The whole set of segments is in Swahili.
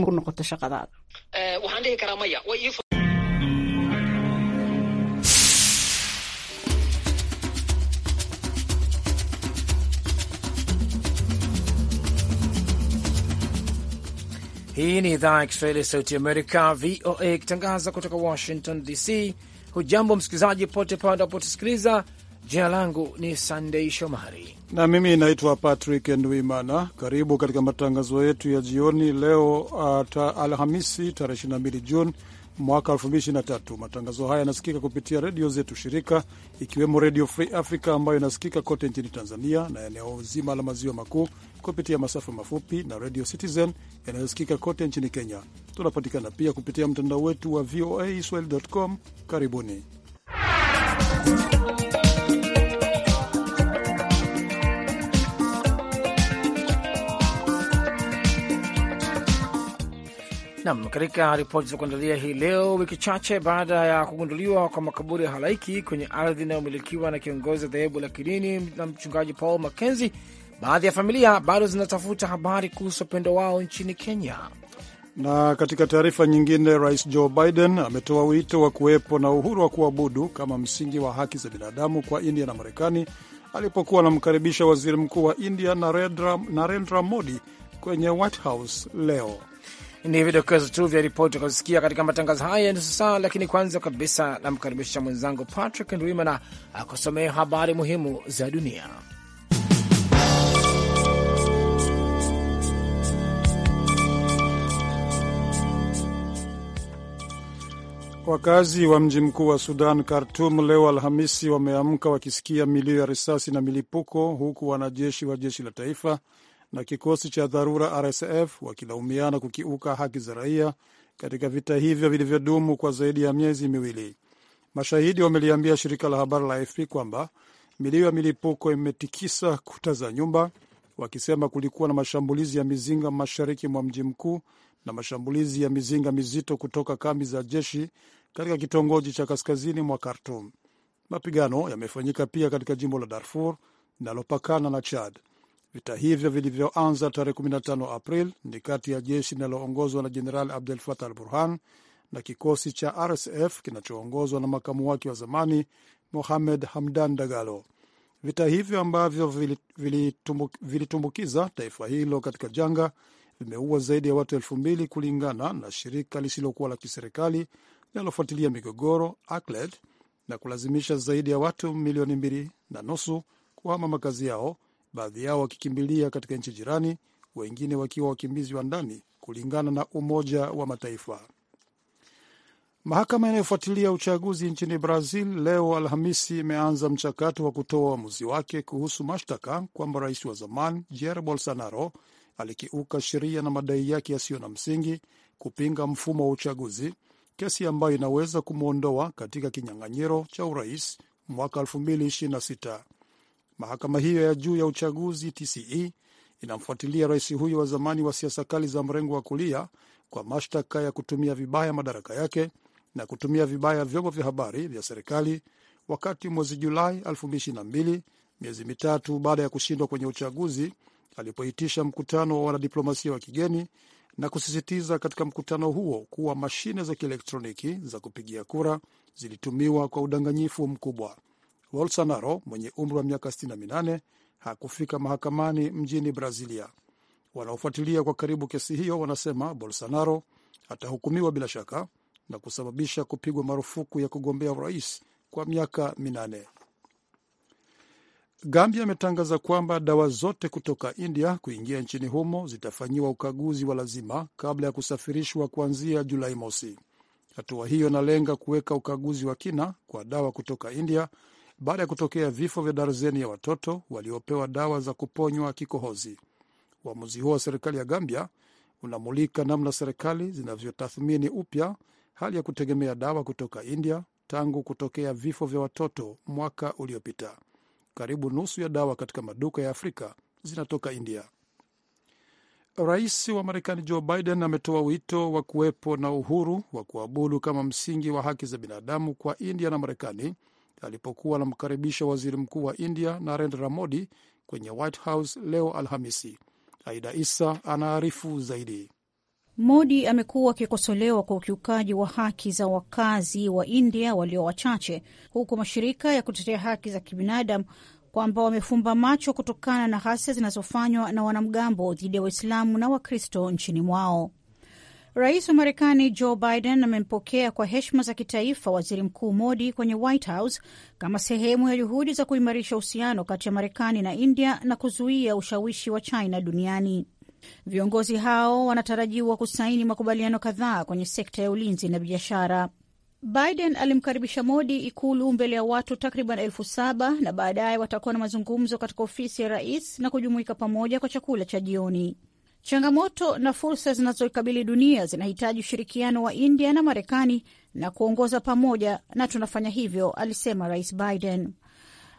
noqoto shaqadaada. Waxaan eh, dhihi karaa maya. Hii ni idhaa ya Kiswahili ya Sauti Amerika, VOA, ikitangaza kutoka Washington DC. Hujambo msikilizaji pote pale unapotusikiliza. Jina langu ni Sandei Shomari na mimi naitwa Patrick Ndwimana. Karibu katika matangazo yetu ya jioni leo, uh, ta, Alhamisi tarehe 22 Juni mwaka 2023. Matangazo haya yanasikika kupitia redio zetu shirika, ikiwemo Redio Free Africa ambayo inasikika kote nchini Tanzania na eneo zima la maziwa makuu kupitia masafa mafupi na Redio Citizen yanayosikika kote nchini Kenya. Tunapatikana pia kupitia mtandao wetu wa VOA Swahili.com. Karibuni Nam, katika ripoti za kuandalia hii leo, wiki chache baada ya kugunduliwa kwa makaburi ya halaiki kwenye ardhi inayomilikiwa na kiongozi wa dhehebu la kidini na mchungaji Paul makenzi baadhi ya familia bado zinatafuta habari kuhusu upendo wao nchini Kenya. Na katika taarifa nyingine, Rais Joe Biden ametoa wito wa kuwepo na uhuru wa kuabudu kama msingi wa haki za binadamu kwa India na Marekani alipokuwa anamkaribisha waziri mkuu wa India Narendra Modi kwenye White House leo. Ni vidokezo tu vya ripoti akusikia katika matangazo haya nusu saa, lakini kwanza kabisa namkaribisha mwenzangu Patrick Ndwimana akusomea habari muhimu za dunia. Wakazi wa mji mkuu wa Sudan, Khartum, leo Alhamisi wameamka wakisikia milio ya risasi na milipuko, huku wanajeshi wa jeshi la taifa na kikosi cha dharura RSF wakilaumiana kukiuka haki za raia katika vita hivyo vilivyodumu kwa zaidi ya miezi miwili. Mashahidi wameliambia shirika la habari la AFP kwamba milio ya milipuko imetikisa kuta za nyumba, wakisema kulikuwa na mashambulizi ya mizinga mashariki mwa mji mkuu na mashambulizi ya mizinga mizito kutoka kambi za jeshi katika kitongoji cha kaskazini mwa Khartum. Mapigano yamefanyika pia katika jimbo la Darfur linalopakana na Chad. Vita hivyo vilivyoanza tarehe 15 April ni kati ya jeshi linaloongozwa na Jenerali Abdel Fattah al Burhan na kikosi cha RSF kinachoongozwa na makamu wake wa zamani Mohamed Hamdan Dagalo. Vita hivyo ambavyo vilitumbukiza taifa hilo katika janga vimeua zaidi ya watu elfu mbili kulingana na shirika lisilokuwa la kiserikali linalofuatilia migogoro ACLED na kulazimisha zaidi ya watu milioni mbili na nusu kuhama makazi yao baadhi yao wakikimbilia katika nchi jirani, wengine wakiwa wakimbizi wa ndani, kulingana na Umoja wa Mataifa. Mahakama inayofuatilia uchaguzi nchini Brazil leo Alhamisi imeanza mchakato wa kutoa uamuzi wake kuhusu mashtaka kwamba rais wa zamani Jair Bolsonaro alikiuka sheria na madai yake yasiyo na msingi kupinga mfumo wa uchaguzi, kesi ambayo inaweza kumwondoa katika kinyang'anyiro cha urais mwaka Mahakama hiyo ya juu ya uchaguzi TCE inamfuatilia rais huyo wa zamani wa siasa kali za mrengo wa kulia kwa mashtaka ya kutumia vibaya madaraka yake na kutumia vibaya vyombo vya habari vya serikali wakati mwezi Julai 2022 miezi mitatu baada ya kushindwa kwenye uchaguzi alipoitisha mkutano wa wanadiplomasia wa kigeni na kusisitiza katika mkutano huo kuwa mashine za kielektroniki za kupigia kura zilitumiwa kwa udanganyifu mkubwa. Bolsonaro mwenye umri wa miaka 68 hakufika mahakamani mjini Brazilia. Wanaofuatilia kwa karibu kesi hiyo wanasema Bolsonaro atahukumiwa bila shaka na kusababisha kupigwa marufuku ya kugombea urais kwa miaka minane. Gambia ametangaza kwamba dawa zote kutoka India kuingia nchini humo zitafanyiwa ukaguzi wa lazima kabla ya kusafirishwa kuanzia Julai mosi. Hatua hiyo inalenga kuweka ukaguzi wa kina kwa dawa kutoka India baada ya kutokea vifo vya darzeni ya watoto waliopewa dawa za kuponywa kikohozi. Uamuzi huo wa serikali ya Gambia unamulika namna serikali zinavyotathmini upya hali ya kutegemea dawa kutoka India tangu kutokea vifo vya watoto mwaka uliopita. Karibu nusu ya dawa katika maduka ya Afrika zinatoka India. Rais wa Marekani Joe Biden ametoa wito wa kuwepo na uhuru wa kuabudu kama msingi wa haki za binadamu kwa India na Marekani alipokuwa anamkaribisha waziri mkuu wa India Narendra Modi kwenye White House leo Alhamisi. Aida isa anaarifu zaidi. Modi amekuwa akikosolewa kwa ukiukaji wa haki za wakazi wa India walio wachache, huku mashirika ya kutetea haki za kibinadamu kwamba wamefumba macho kutokana na ghasia zinazofanywa na wanamgambo dhidi ya Waislamu na Wakristo nchini mwao. Rais wa Marekani Joe Biden amempokea kwa heshima za kitaifa waziri mkuu Modi kwenye White House kama sehemu ya juhudi za kuimarisha uhusiano kati ya Marekani na India na kuzuia ushawishi wa China duniani. Viongozi hao wanatarajiwa kusaini makubaliano kadhaa kwenye sekta ya ulinzi na biashara. Biden alimkaribisha Modi Ikulu mbele ya watu takriban elfu saba na baadaye watakuwa na mazungumzo katika ofisi ya rais na kujumuika pamoja kwa chakula cha jioni. Changamoto na fursa zinazoikabili dunia zinahitaji ushirikiano wa India na Marekani na kuongoza pamoja, na tunafanya hivyo, alisema Rais Biden.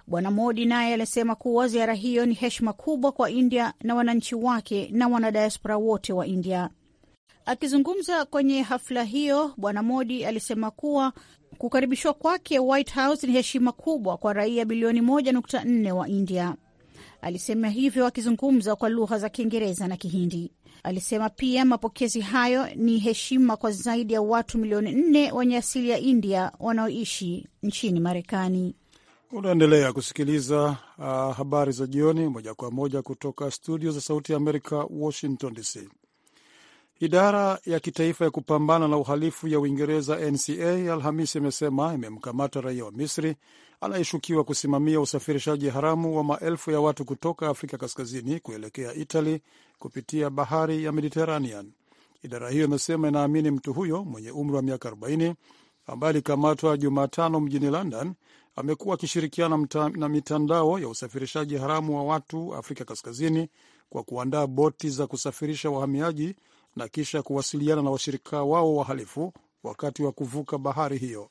Bwana Modi naye alisema kuwa ziara hiyo ni heshima kubwa kwa India na wananchi wake na wanadiaspora wote wa India. Akizungumza kwenye hafla hiyo, Bwana Modi alisema kuwa kukaribishwa kwake White House ni heshima kubwa kwa raia bilioni 1.4 wa India. Alisema hivyo akizungumza kwa lugha za Kiingereza na Kihindi. Alisema pia mapokezi hayo ni heshima kwa zaidi ya watu milioni nne wenye asili ya India wanaoishi nchini Marekani. Unaendelea kusikiliza uh, habari za jioni moja kwa moja kutoka studio za Sauti ya Amerika, Washington DC. Idara ya kitaifa ya kupambana na uhalifu ya Uingereza, NCA, Alhamisi imesema imemkamata raia wa Misri anayeshukiwa kusimamia usafirishaji haramu wa maelfu ya watu kutoka Afrika Kaskazini kuelekea Itali kupitia bahari ya Mediteranean. Idara hiyo imesema inaamini mtu huyo mwenye umri wa miaka 40 ambaye alikamatwa Jumatano mjini London amekuwa akishirikiana na mitandao ya usafirishaji haramu wa watu Afrika Kaskazini kwa kuandaa boti za kusafirisha wahamiaji na kisha kuwasiliana na washirika wao wahalifu wakati wa kuvuka bahari hiyo.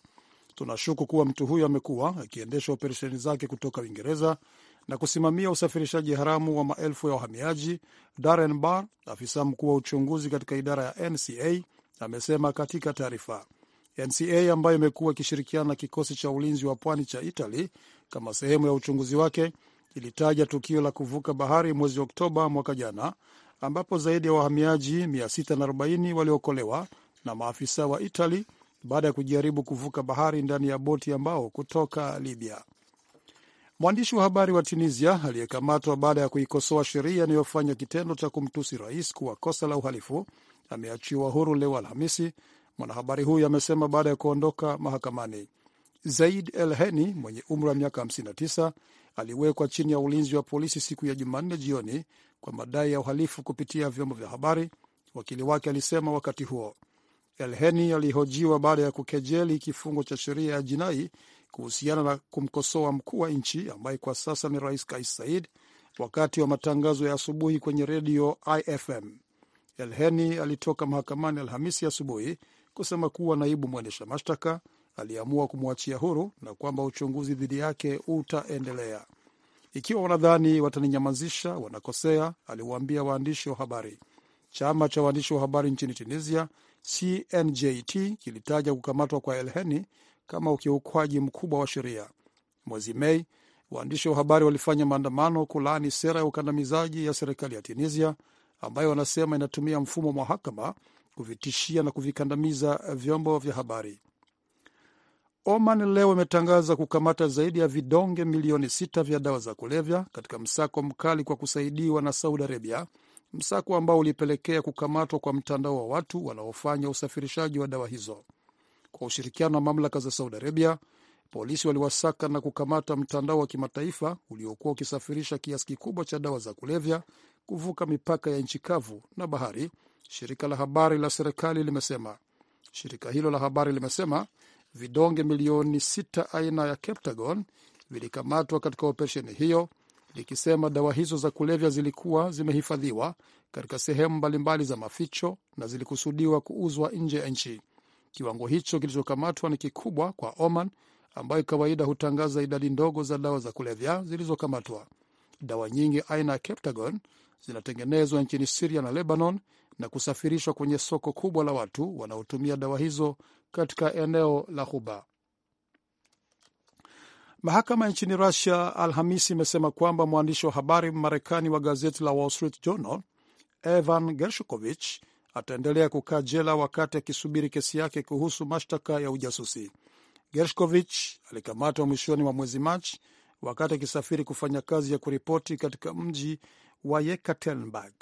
Tunashuku kuwa mtu huyo amekuwa akiendesha operesheni zake kutoka Uingereza na kusimamia usafirishaji haramu wa maelfu ya wahamiaji, Darren Barr, afisa mkuu wa uchunguzi katika idara ya NCA, amesema katika taarifa. NCA ambayo imekuwa ikishirikiana na kikosi cha ulinzi wa pwani cha Italy kama sehemu ya uchunguzi wake ilitaja tukio la kuvuka bahari mwezi Oktoba mwaka jana ambapo zaidi ya wahamiaji 640 waliokolewa na maafisa wa Itali baada ya kujaribu kuvuka bahari ndani ya boti ya mbao kutoka Libya. Mwandishi wa habari wa Tunisia aliyekamatwa baada ya kuikosoa sheria inayofanya kitendo cha kumtusi rais kuwa kosa la uhalifu ameachiwa huru leo Alhamisi, mwanahabari huyu amesema baada ya kuondoka mahakamani. Zaid El Heni mwenye umri wa miaka 59 aliwekwa chini ya ulinzi wa polisi siku ya Jumanne jioni kwa madai ya uhalifu kupitia vyombo vya habari, wakili wake alisema wakati huo. Elheni alihojiwa baada ya kukejeli kifungo cha sheria ya jinai kuhusiana na kumkosoa mkuu wa nchi ambaye kwa sasa ni Rais Kais said wakati wa matangazo ya asubuhi kwenye redio IFM. Elheni alitoka mahakamani Alhamisi asubuhi kusema kuwa naibu mwendesha mashtaka aliamua kumwachia huru na kwamba uchunguzi dhidi yake utaendelea. Ikiwa wanadhani wataninyamazisha, wanakosea, aliwaambia waandishi wa habari. Chama cha waandishi wa habari nchini Tunisia, CNJT, kilitaja kukamatwa kwa Elheni kama ukiukwaji mkubwa wa sheria. Mwezi Mei, waandishi wa habari walifanya maandamano kulaani sera ya ukandamizaji ya serikali ya Tunisia ambayo wanasema inatumia mfumo wa mahakama kuvitishia na kuvikandamiza vyombo vya habari. Oman leo imetangaza kukamata zaidi ya vidonge milioni sita vya dawa za kulevya katika msako mkali kwa kusaidiwa na Saudi Arabia, msako ambao ulipelekea kukamatwa kwa mtandao wa watu wanaofanya usafirishaji wa dawa hizo. Kwa ushirikiano wa mamlaka za Saudi Arabia, polisi waliwasaka na kukamata mtandao wa kimataifa uliokuwa ukisafirisha kiasi kikubwa cha dawa za kulevya kuvuka mipaka ya nchi kavu na bahari, shirika la habari la serikali limesema. Shirika hilo la habari limesema Vidonge milioni sita aina ya Captagon vilikamatwa katika operesheni hiyo, likisema dawa hizo za kulevya zilikuwa zimehifadhiwa katika sehemu mbalimbali za maficho na zilikusudiwa kuuzwa nje ya nchi. Kiwango hicho kilichokamatwa ni kikubwa kwa Oman, ambayo kawaida hutangaza idadi ndogo za dawa za kulevya zilizokamatwa. Dawa nyingi aina ya Captagon zinatengenezwa nchini Siria na Lebanon na kusafirishwa kwenye soko kubwa la watu wanaotumia dawa hizo katika eneo la Ghuba. Mahakama nchini Rusia Alhamisi imesema kwamba mwandishi wa habari Marekani wa gazeti la Wall Street Journal Evan Gershukovich ataendelea kukaa jela wakati akisubiri kesi yake kuhusu mashtaka ya ujasusi. Gershkovich alikamatwa mwishoni mwa mwezi Machi wakati akisafiri kufanya kazi ya kuripoti katika mji wa Yekaterinburg.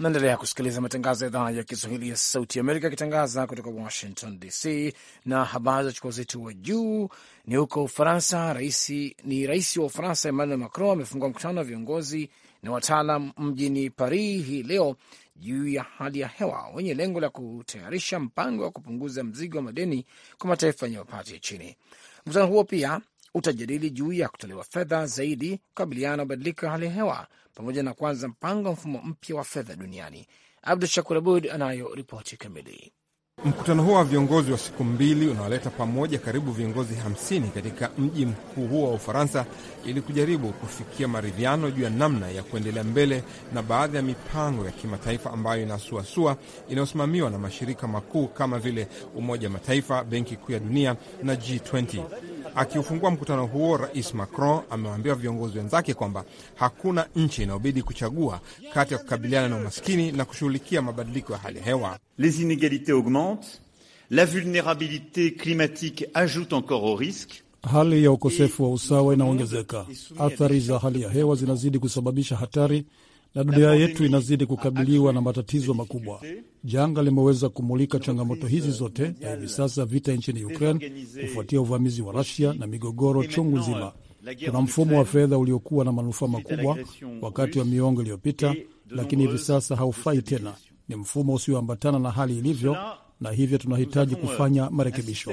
Naendelea kusikiliza matangazo ya idhaa ya Kiswahili ya Sauti Amerika ikitangaza kutoka Washington DC. Na habari za chukua zetu wa juu ni huko Ufaransa. Raisi, ni rais wa Ufaransa Emmanuel Macron amefungua mkutano wa viongozi na wataalam mjini Paris hii leo juu ya hali ya hewa wenye lengo la kutayarisha mpango wa kupunguza mzigo wa madeni kwa mataifa yenye mapato ya chini. Mkutano huo pia utajadili juu ya kutolewa fedha zaidi kukabiliana na mabadiliko ya hali ya hewa pamoja na kuanza mpango wa mfumo mpya wa fedha duniani. Abdu Shakur Abud anayo ripoti kamili. Mkutano huo wa viongozi wa siku mbili unaoleta pamoja karibu viongozi 50 katika mji mkuu huo wa Ufaransa ili kujaribu kufikia maridhiano juu ya namna ya kuendelea mbele na baadhi ya mipango ya kimataifa ambayo inasuasua inayosimamiwa na mashirika makuu kama vile Umoja wa Mataifa, Benki Kuu ya Dunia na G20. Akiufungua mkutano huo, Rais Macron amewaambia viongozi wenzake kwamba hakuna nchi inayobidi kuchagua kati ya kukabiliana na umaskini na kushughulikia mabadiliko ya hali ya hewa. Les inegalites augmentent la vulnerabilite climatique ajoute encore au risque Hali ya ukosefu wa usawa inaongezeka. Athari za hali ya hewa zinazidi kusababisha hatari na dunia yetu inazidi kukabiliwa na matatizo makubwa. Janga limeweza kumulika changamoto hizi zote, na hivi sasa vita nchini Ukraine kufuatia uvamizi wa Rusia na migogoro chungu nzima. kuna mfumo wa fedha uliokuwa na manufaa makubwa wakati wa miongo iliyopita, lakini hivi sasa haufai tena. Ni mfumo usioambatana na hali ilivyo, na hivyo tunahitaji kufanya marekebisho.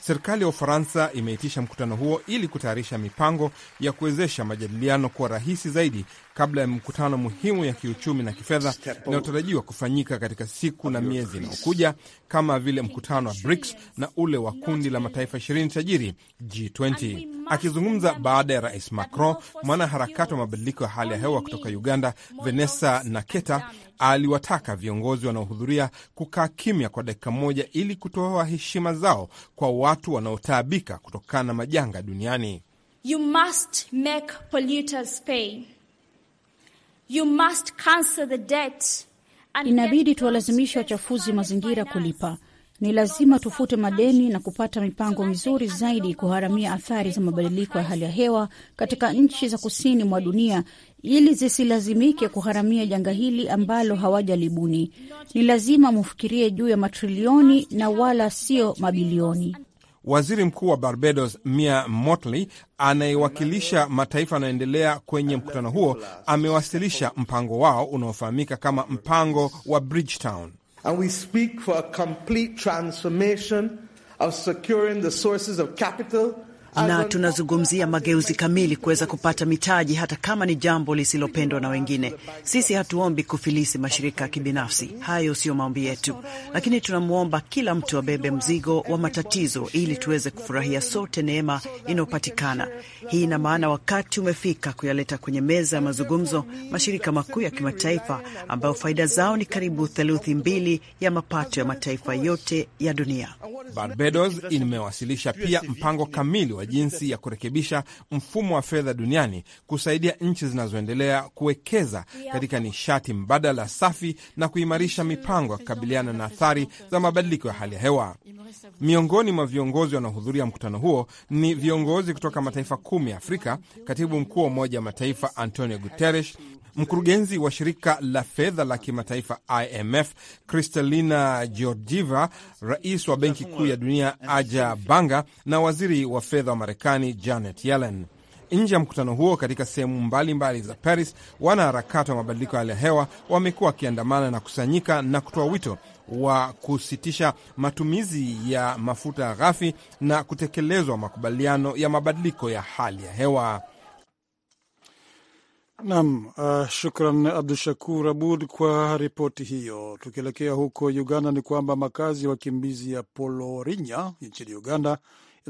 Serikali ya Ufaransa imeitisha mkutano huo ili kutayarisha mipango ya kuwezesha majadiliano kuwa rahisi zaidi kabla ya mkutano muhimu ya kiuchumi na kifedha inayotarajiwa kufanyika katika siku na miezi inayokuja kama vile mkutano wa BRICS na ule wa kundi la mataifa ishirini tajiri G20. Akizungumza baada ya Rais Macron, mwanaharakati wa mabadiliko ya hali ya hewa kutoka Uganda, Vanessa Naketa, aliwataka viongozi wanaohudhuria kukaa kimya kwa dakika moja ili kutoa heshima zao kwa watu wanaotaabika kutokana na majanga duniani. You must make polluters pay. You must cancel the debt. Inabidi tuwalazimisha wachafuzi mazingira kulipa ni lazima tufute madeni na kupata mipango mizuri zaidi kuharamia athari za mabadiliko ya hali ya hewa katika nchi za kusini mwa dunia ili zisilazimike kuharamia janga hili ambalo hawajalibuni. Ni lazima mufikirie juu ya matrilioni na wala sio mabilioni. Waziri Mkuu wa Barbados Mia Motley, anayewakilisha mataifa yanayoendelea kwenye mkutano huo amewasilisha mpango wao unaofahamika kama mpango wa Bridgetown. And we speak for a complete transformation of securing the sources of capital na tunazungumzia mageuzi kamili kuweza kupata mitaji, hata kama ni jambo lisilopendwa na wengine. Sisi hatuombi kufilisi mashirika ya kibinafsi, hayo siyo maombi yetu, lakini tunamwomba kila mtu abebe mzigo wa matatizo ili tuweze kufurahia sote neema inayopatikana. Hii ina maana wakati umefika kuyaleta kwenye meza ya mazungumzo mashirika makuu ya kimataifa ambayo faida zao ni karibu theluthi mbili ya mapato ya mataifa yote ya dunia. Barbados imewasilisha pia mpango kamili wa jinsi ya kurekebisha mfumo wa fedha duniani kusaidia nchi zinazoendelea kuwekeza katika nishati mbadala safi na kuimarisha mipango ya kukabiliana na athari za mabadiliko ya hali ya hewa. Miongoni mwa viongozi wanaohudhuria mkutano huo ni viongozi kutoka mataifa kumi ya Afrika, katibu mkuu wa Umoja wa Mataifa Antonio Guterres, mkurugenzi wa shirika la fedha la kimataifa IMF Kristalina Georgieva, rais wa Benki Kuu ya Dunia Aja Banga na waziri wa fedha fedha wa Marekani Janet Yellen. Nje ya mkutano huo, katika sehemu mbalimbali za Paris, wanaharakati wa mabadiliko ya hali ya hewa wamekuwa wakiandamana na kusanyika na kutoa wito wa kusitisha matumizi ya mafuta ghafi na kutekelezwa makubaliano ya mabadiliko ya hali ya hewa. Nam uh, shukran Abdu Shakur Abud kwa ripoti hiyo. Tukielekea huko Uganda, ni kwamba makazi ya wakimbizi ya Polorinya nchini Uganda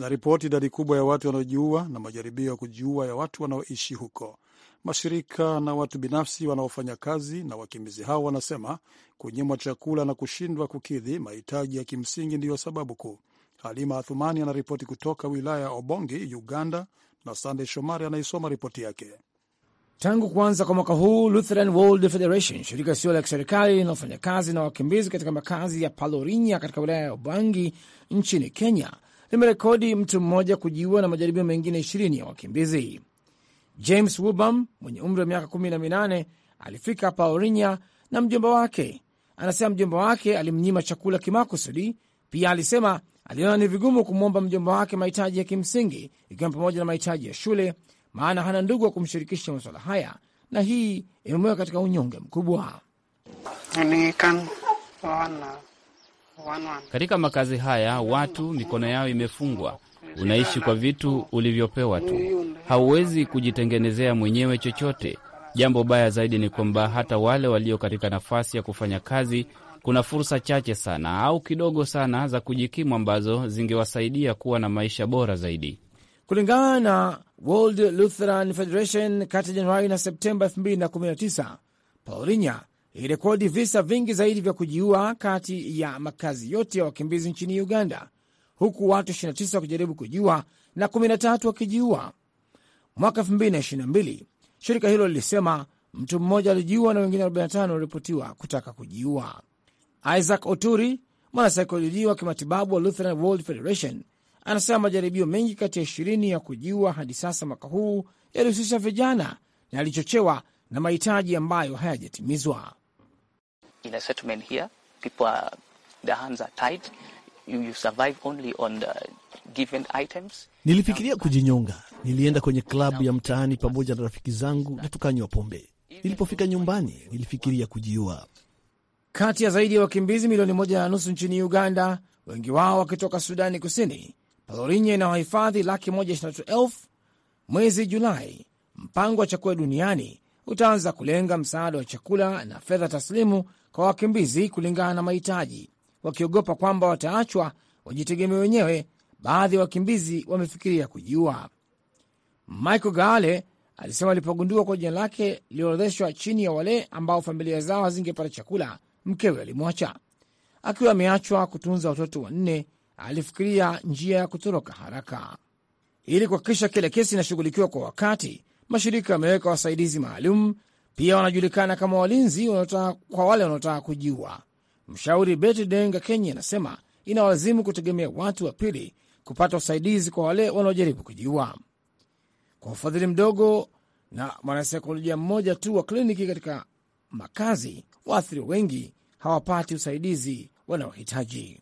inaripoti idadi kubwa ya watu wanaojiua na majaribio ya kujiua ya watu wanaoishi huko. Mashirika na watu binafsi wanaofanya kazi na wakimbizi hao wanasema kunyimwa chakula na kushindwa kukidhi mahitaji ya kimsingi ndiyo sababu kuu. Halima Athumani anaripoti kutoka wilaya ya Obongi, Uganda, na Sandey Shomari anaisoma ripoti yake. Tangu kuanza kwa mwaka huu, Lutheran World Federation, shirika sio la kiserikali linalofanya kazi na wakimbizi katika makazi ya Palorinya katika wilaya ya obangi nchini Kenya, limerekodi mtu mmoja kujiua na majaribio mengine ishirini ya wakimbizi. James Wubam mwenye umri wa miaka 18 alifika paorinya na mjomba wake. Anasema mjomba wake alimnyima chakula kimakusudi. Pia alisema aliona ni vigumu kumwomba mjomba wake mahitaji ya kimsingi, ikiwa pamoja na mahitaji ya shule, maana hana ndugu wa kumshirikisha masuala haya, na hii imemweka katika unyonge mkubwa. Katika makazi haya watu mikono yao imefungwa. Unaishi kwa vitu ulivyopewa tu, hauwezi kujitengenezea mwenyewe chochote. Jambo baya zaidi ni kwamba hata wale walio katika nafasi ya kufanya kazi, kuna fursa chache sana au kidogo sana za kujikimu ambazo zingewasaidia kuwa na maisha bora zaidi. Kulingana na World Lutheran Federation, kati ya Januari na Septemba 2019 Paulinya ilirekodi visa vingi zaidi vya kujiua kati ya makazi yote ya wakimbizi nchini Uganda, huku watu 29 wakijaribu kujiua na 13 wakijiua. Mwaka 2022 shirika hilo lilisema mtu mmoja alijiua na wengine 45 waliripotiwa kutaka kujiua. Isaac Oturi, mwanasaikolojia wa kimatibabu wa Lutheran World Federation, anasema majaribio mengi kati ya ishirini ya kujiua hadi sasa mwaka huu yalihusisha vijana na yalichochewa na mahitaji ambayo hayajatimizwa in a settlement here, people are, their hands are tied. You, you survive only on the given items. Nilifikiria kujinyonga. Nilienda kwenye klabu ya mtaani pamoja na rafiki zangu na tukanywa pombe. Nilipofika nyumbani, nilifikiria kujiua. Kati ya zaidi ya wakimbizi milioni moja na nusu nchini Uganda, wengi wao wakitoka Sudani Kusini, Palorinye na wahifadhi laki moja ishirini na tatu elfu mwezi Julai, mpango wa chakula duniani utaanza kulenga msaada wa chakula na fedha taslimu kwa wakimbizi kulingana na mahitaji, wakiogopa kwamba wataachwa wajitegemea wenyewe. Baadhi ya wakimbizi wamefikiria kujiua. Michael Gale alisema alipogundua kwa jina lake liliorodheshwa chini ya wale ambao familia zao hazingepata chakula, mkewe alimwacha akiwa ameachwa kutunza watoto wanne. Alifikiria njia ya kutoroka haraka. Ili kuhakikisha kila kesi inashughulikiwa kwa wakati, mashirika yameweka wasaidizi maalum pia wanajulikana kama walinzi wanotaka, kwa wale wanaotaka kujiua. Mshauri Betty Denga Kenya anasema inawalazimu kutegemea watu wa pili kupata usaidizi kwa wale wanaojaribu kujiua. Kwa ufadhili mdogo na mwanasaikolojia mmoja tu wa kliniki katika makazi, waathiriwa wengi hawapati usaidizi wanaohitaji.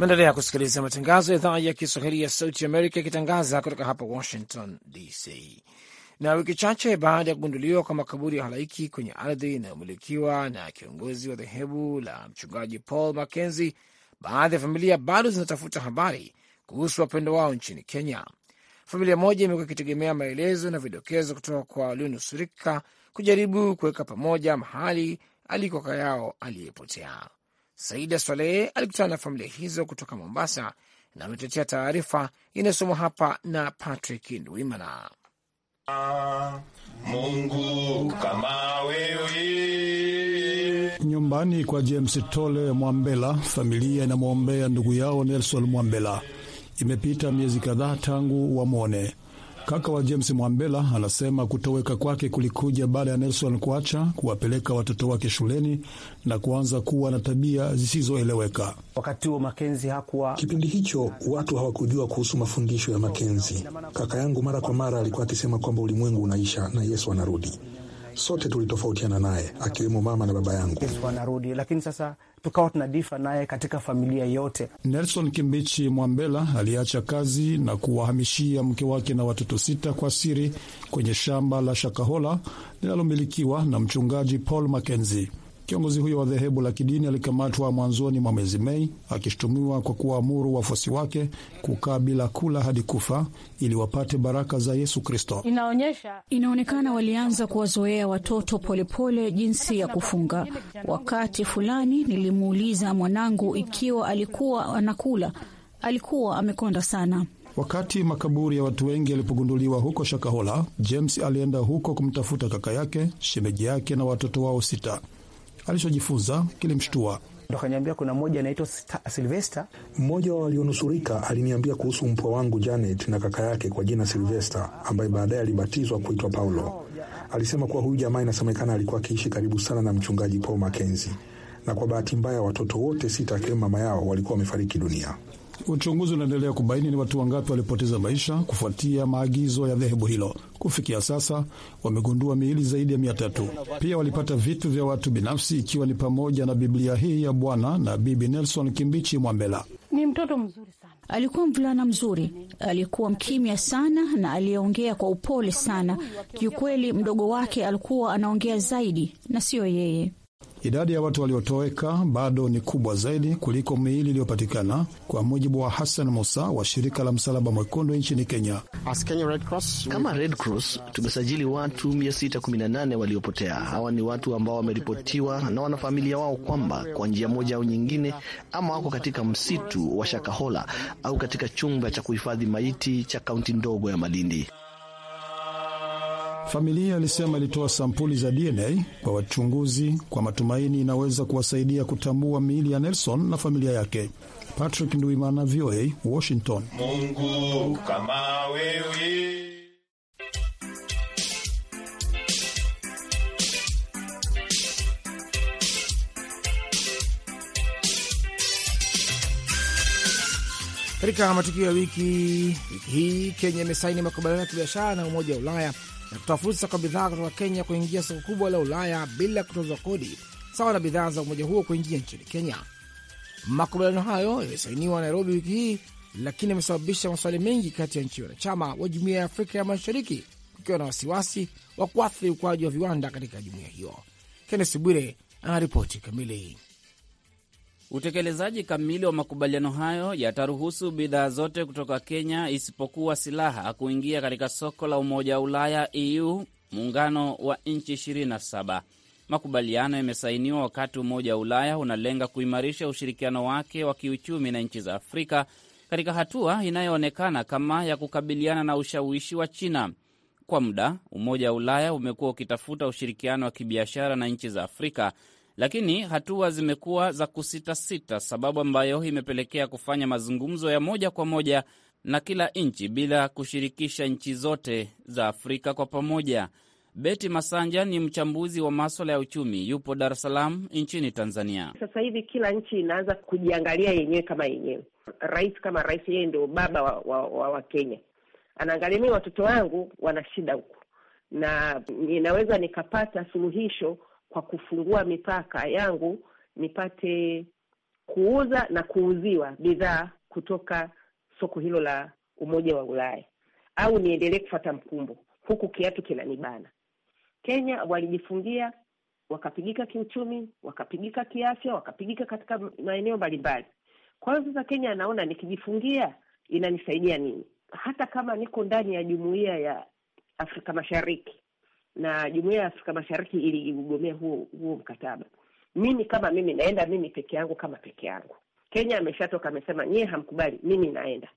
Maendelea kusikiliza matangazo ya idhaa ya Kiswahili ya Sauti Amerika ikitangaza kutoka hapa Washington DC. Na wiki chache baada ya kugunduliwa kwa makaburi ya halaiki kwenye ardhi inayomilikiwa na kiongozi wa dhehebu la mchungaji Paul Mackenzie, baadhi ya familia bado zinatafuta habari kuhusu wapendo wao nchini Kenya. Familia moja imekuwa ikitegemea maelezo na vidokezo kutoka kwa walionusurika kujaribu kuweka pamoja mahali aliko kaka yao aliyepotea. Saida Swalehe alikutana na familia hizo kutoka Mombasa na ametetea taarifa inayosomwa hapa na Patrick Ndwimana. Ah, Mungu kama wewe. Nyumbani kwa James Tole Mwambela, familia inamwombea ndugu yao Nelson Mwambela. Imepita miezi kadhaa tangu wamwone. Kaka wa James Mwambela anasema kutoweka kwake kulikuja baada ya Nelson kuacha kuwapeleka watoto wake shuleni na kuanza kuwa na tabia zisizoeleweka. Wakati huo Makenzi hakuwa, kipindi hicho watu hawakujua kuhusu mafundisho ya Makenzi. Kaka yangu mara kwa mara alikuwa akisema kwamba ulimwengu unaisha na Yesu anarudi. Sote tulitofautiana naye, akiwemo mama na baba yangu. Yesu anarudi, lakini sasa tukawa tunadifa naye katika familia yote. Nelson Kimbichi Mwambela aliacha kazi na kuwahamishia mke wake na watoto sita kwa siri kwenye shamba la Shakahola linalomilikiwa na mchungaji Paul Mackenzie. Kiongozi huyo wa dhehebu la kidini alikamatwa mwanzoni mwa mwezi Mei akishutumiwa kwa kuwaamuru wafuasi wake kukaa bila kula hadi kufa ili wapate baraka za Yesu Kristo. Inaonyesha, inaonekana walianza kuwazoea watoto polepole pole jinsi ya kufunga. Wakati fulani nilimuuliza mwanangu ikiwa alikuwa anakula, alikuwa amekonda sana. Wakati makaburi ya watu wengi yalipogunduliwa huko Shakahola, James alienda huko kumtafuta kaka yake, shemeji yake na watoto wao sita alichojifunza kilimshtua. Ndo akaniambia kuna mmoja anaitwa Silvesta. Mmoja wa walionusurika aliniambia kuhusu mpwa wangu Janet na kaka yake kwa jina Silvesta, ambaye baadaye alibatizwa kuitwa Paulo. Alisema kuwa huyu jamaa inasemekana alikuwa akiishi karibu sana na mchungaji Paul Makenzi, na kwa bahati mbaya watoto wote sita akiwemo mama yao walikuwa wamefariki dunia. Uchunguzi unaendelea kubaini ni watu wangapi walipoteza maisha kufuatia maagizo ya dhehebu hilo. Kufikia sasa wamegundua miili zaidi ya mia tatu. Pia walipata vitu vya watu binafsi, ikiwa ni pamoja na Biblia hii ya Bwana na Bibi Nelson Kimbichi Mwambela. Ni mtoto mzuri sana, alikuwa mvulana mzuri, alikuwa mkimya sana na aliyeongea kwa upole sana. Kiukweli mdogo wake alikuwa anaongea zaidi na siyo yeye. Idadi ya watu waliotoweka bado ni kubwa zaidi kuliko miili iliyopatikana, kwa mujibu wa Hassan Musa wa shirika la Msalaba Mwekundu nchini Kenya. Kenya Red Cross, kama Red Cross tumesajili watu 618 waliopotea. Hawa ni watu ambao wameripotiwa na wanafamilia wao kwamba kwa njia moja au nyingine, ama wako katika msitu wa Shakahola au katika chumba cha kuhifadhi maiti cha kaunti ndogo ya Malindi. Familia ilisema ilitoa sampuli za DNA kwa wachunguzi kwa matumaini inaweza kuwasaidia kutambua miili ya Nelson na familia yake. Patrick Nduimana, VOA, Washington. Mungu kama wewe Katika matukio ya wiki, wiki hii Kenya imesaini makubaliano ya kibiashara na Umoja wa Ulaya na kutoa fursa kwa bidhaa kutoka Kenya kuingia soko kubwa la Ulaya bila kutozwa kodi sawa na bidhaa za umoja huo kuingia nchini Kenya. Makubaliano hayo yalisainiwa Nairobi wiki hii, lakini yamesababisha maswali mengi kati ya nchi wanachama wa Jumuiya ya Afrika ya Mashariki, kukiwa na wasiwasi wa kuathiri ukuaji wa viwanda katika jumuiya hiyo. Kennes Bwire anaripoti kamili. Utekelezaji kamili wa makubaliano hayo yataruhusu bidhaa zote kutoka Kenya isipokuwa silaha kuingia katika soko la Umoja wa Ulaya, EU, muungano wa nchi 27. Makubaliano yamesainiwa wakati Umoja wa Ulaya unalenga kuimarisha ushirikiano wake wa kiuchumi na nchi za Afrika katika hatua inayoonekana kama ya kukabiliana na ushawishi wa China. Kwa muda, Umoja wa Ulaya umekuwa ukitafuta ushirikiano wa kibiashara na nchi za Afrika lakini hatua zimekuwa za kusitasita, sababu ambayo imepelekea kufanya mazungumzo ya moja kwa moja na kila nchi bila kushirikisha nchi zote za Afrika kwa pamoja. Beti Masanja ni mchambuzi wa maswala ya uchumi, yupo Dar es Salaam nchini Tanzania. Sasa hivi kila nchi inaanza kujiangalia yenyewe kama yenyewe. Rais kama rais, yeye ndio baba wa, wa, wa, wa Kenya, anaangalia mii watoto wangu wana shida huku na ninaweza nikapata suluhisho kwa kufungua mipaka yangu nipate kuuza na kuuziwa bidhaa kutoka soko hilo la Umoja wa Ulaya au niendelee kufata mkumbo huku kiatu kinanibana. Kenya walijifungia wakapigika kiuchumi, wakapigika kiafya, wakapigika katika maeneo mbalimbali. Kwa hiyo sasa Kenya anaona nikijifungia inanisaidia nini? Hata kama niko ndani ya jumuiya ya Afrika Mashariki, na jumuia ya Afrika Mashariki iliugomea huo huo mkataba. Mimi kama mimi naenda mimi peke yangu kama peke yangu. Kenya ameshatoka amesema, nyie hamkubali, mimi naenda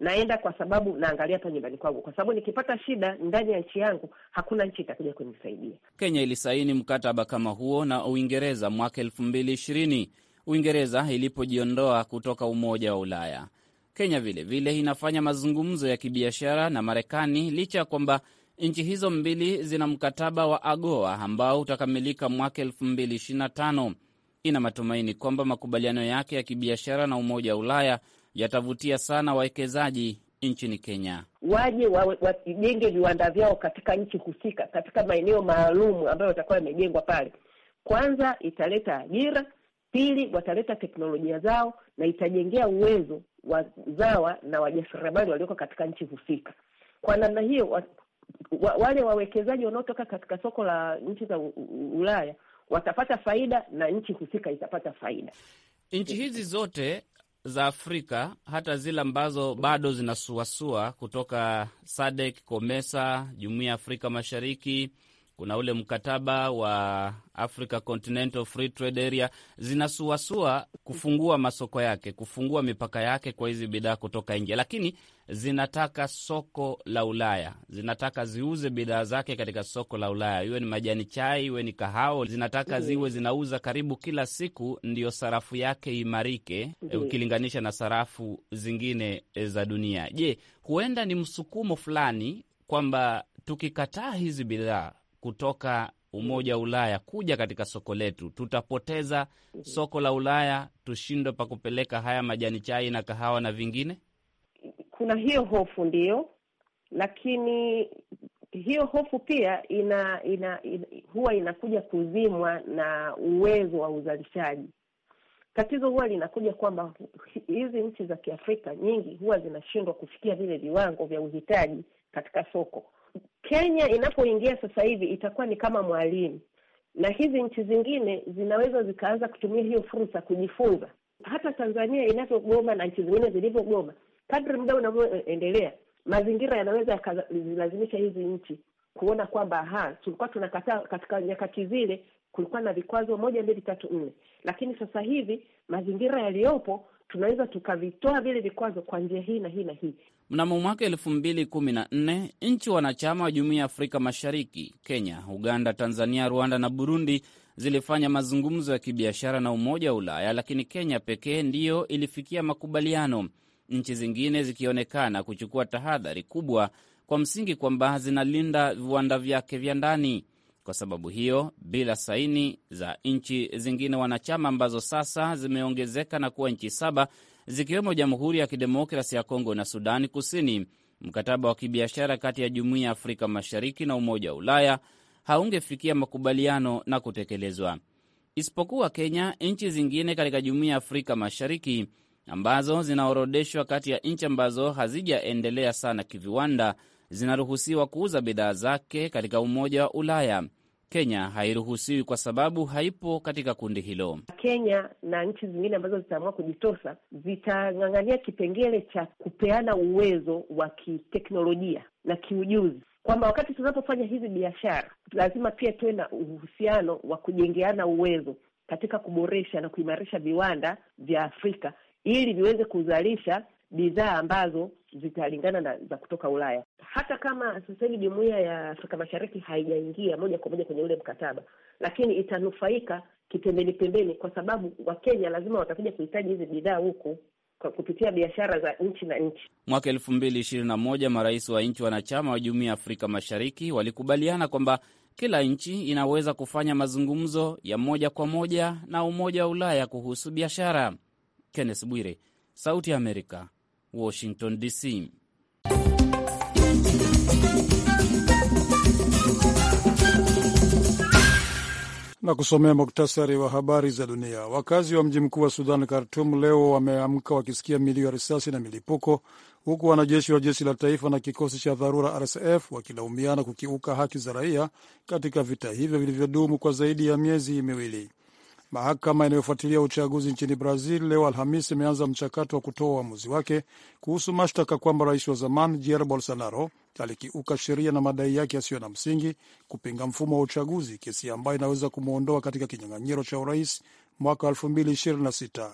naenda kwa sababu naangalia hapa nyumbani kwangu, kwa sababu nikipata shida ndani ya nchi yangu hakuna nchi itakuja kunisaidia. Kenya ilisaini mkataba kama huo na Uingereza mwaka elfu mbili ishirini Uingereza ilipojiondoa kutoka Umoja wa Ulaya. Kenya vilevile vile inafanya mazungumzo ya kibiashara na Marekani licha ya kwamba Nchi hizo mbili zina mkataba wa AGOA ambao utakamilika mwaka 2025. Ina matumaini kwamba makubaliano yake ya kibiashara na Umoja wa Ulaya yatavutia sana wawekezaji nchini Kenya, waje wajenge wa, viwanda vyao katika nchi husika, katika maeneo maalum ambayo watakuwa yamejengwa pale. Kwanza italeta ajira, pili wataleta teknolojia zao, na itajengea uwezo wazawa na wajasiriamali walioko katika nchi husika. Kwa namna hiyo wa, wale wawekezaji wanaotoka katika soko la nchi za Ulaya watapata faida na nchi husika itapata faida. Nchi hizi zote za Afrika hata zile ambazo bado zinasuasua kutoka SADC, COMESA, Jumuiya ya Afrika Mashariki kuna ule mkataba wa Africa Continental Free Trade Area, zinasuasua kufungua masoko yake, kufungua mipaka yake kwa hizi bidhaa kutoka nje, lakini zinataka soko la Ulaya, zinataka ziuze bidhaa zake katika soko la Ulaya, iwe ni majani chai, iwe ni kahao zinataka mm-hmm. ziwe zinauza karibu kila siku, ndiyo sarafu yake imarike mm-hmm. ukilinganisha na sarafu zingine e, za dunia. Je, huenda ni msukumo fulani kwamba tukikataa hizi bidhaa kutoka Umoja wa Ulaya kuja katika soko letu, tutapoteza mhm. soko la Ulaya, tushindwe pa kupeleka haya majani chai na kahawa na vingine. Kuna hiyo hofu ndiyo, lakini hiyo hofu pia ina, ina, ina huwa inakuja kuzimwa na uwezo wa uzalishaji. Tatizo huwa linakuja kwamba hizi nchi za Kiafrika nyingi huwa zinashindwa kufikia vile viwango vya uhitaji katika soko Kenya inapoingia sasa hivi itakuwa ni kama mwalimu, na hizi nchi zingine zinaweza zikaanza kutumia hiyo fursa kujifunza. Hata Tanzania inavyogoma na nchi zingine zilivyogoma, kadri muda unavyoendelea, mazingira yanaweza yakazilazimisha hizi nchi kuona kwamba ha, tulikuwa tunakataa katika nyakati zile kulikuwa na vikwazo moja mbili tatu nne, lakini sasa hivi mazingira yaliyopo tunaweza tukavitoa vile vikwazo kwa njia hii na hii na hii. Mnamo mwaka 2014 nchi wanachama wa jumuiya ya Afrika Mashariki, Kenya, Uganda, Tanzania, Rwanda na Burundi zilifanya mazungumzo ya kibiashara na Umoja wa Ulaya, lakini Kenya pekee ndiyo ilifikia makubaliano, nchi zingine zikionekana kuchukua tahadhari kubwa kwa msingi kwamba zinalinda viwanda vyake vya ndani. Kwa sababu hiyo, bila saini za nchi zingine wanachama ambazo sasa zimeongezeka na kuwa nchi saba zikiwemo Jamhuri ya Kidemokrasi ya Kongo na Sudani Kusini. Mkataba wa kibiashara kati ya Jumuiya ya Afrika Mashariki na Umoja wa Ulaya haungefikia makubaliano na kutekelezwa, isipokuwa Kenya. Nchi zingine katika Jumuiya ya Afrika Mashariki ambazo zinaorodeshwa kati ya nchi ambazo hazijaendelea sana kiviwanda zinaruhusiwa kuuza bidhaa zake katika Umoja wa Ulaya. Kenya hairuhusiwi kwa sababu haipo katika kundi hilo. Kenya na nchi zingine ambazo zitaamua kujitosa zitang'ang'ania kipengele cha kupeana uwezo wa kiteknolojia na kiujuzi, kwamba wakati tunapofanya hizi biashara lazima pia tuwe na uhusiano wa kujengeana uwezo katika kuboresha na kuimarisha viwanda vya Afrika ili viweze kuzalisha bidhaa ambazo zitalingana na za kutoka Ulaya. Hata kama sasa hivi jumuiya ya Afrika Mashariki haijaingia moja kwa moja kwenye ule mkataba, lakini itanufaika kipembeni pembeni, kwa sababu Wakenya lazima watakuja kuhitaji hizi bidhaa huku kwa kupitia biashara za nchi na nchi. Mwaka elfu mbili ishirini na moja marais wa nchi wanachama wa jumuiya ya Afrika Mashariki walikubaliana kwamba kila nchi inaweza kufanya mazungumzo ya moja kwa moja na Umoja wa Ulaya kuhusu biashara. Kenneth Bwire, Sauti ya Amerika, Washington DC. na kusomea muktasari wa habari za dunia. Wakazi wa mji mkuu wa Sudan, Khartum, leo wameamka wakisikia milio ya risasi na milipuko, huku wanajeshi wa jeshi la taifa na kikosi cha dharura RSF wakilaumiana kukiuka haki za raia katika vita hivyo vilivyodumu kwa zaidi ya miezi miwili. Mahakama inayofuatilia uchaguzi nchini Brazil leo Alhamisi imeanza mchakato wa kutoa uamuzi wake kuhusu mashtaka kwamba rais wa zamani Jair Bolsonaro alikiuka sheria na madai yake yasiyo na msingi kupinga mfumo wa uchaguzi, kesi ambayo inaweza kumwondoa katika kinyang'anyiro cha urais mwaka 2026.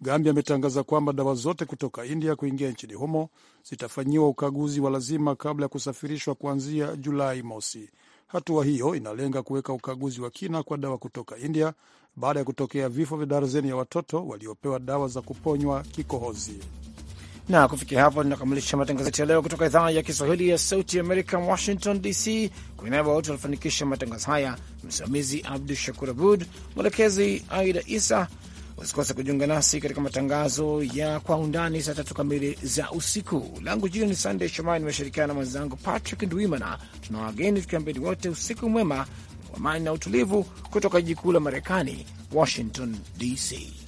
Gambia ametangaza kwamba dawa zote kutoka India kuingia nchini humo zitafanyiwa ukaguzi wa lazima kabla ya kusafirishwa kuanzia Julai mosi. Hatua hiyo inalenga kuweka ukaguzi wa kina kwa dawa kutoka India baada ya kutokea vifo vya darzeni ya watoto waliopewa dawa za kuponywa kikohozi. Na kufikia hapo, tunakamilisha matangazo yetu ya leo kutoka idhaa ya Kiswahili ya Sauti Amerika, Washington DC. Kwa niaba wote walifanikisha matangazo haya, msimamizi Abdu Shakur Abud, mwelekezi Aida Isa. Usikose kujiunga nasi katika matangazo ya Kwa Undani saa tatu kamili za usiku. Langu jina ni Sandey Shomai, nimeshirikiana na mwenzangu Patrick Ndwimana. Tuna wageni tukiambeni wote usiku mwema amani na utulivu, kutoka jiji kuu la Marekani, Washington DC.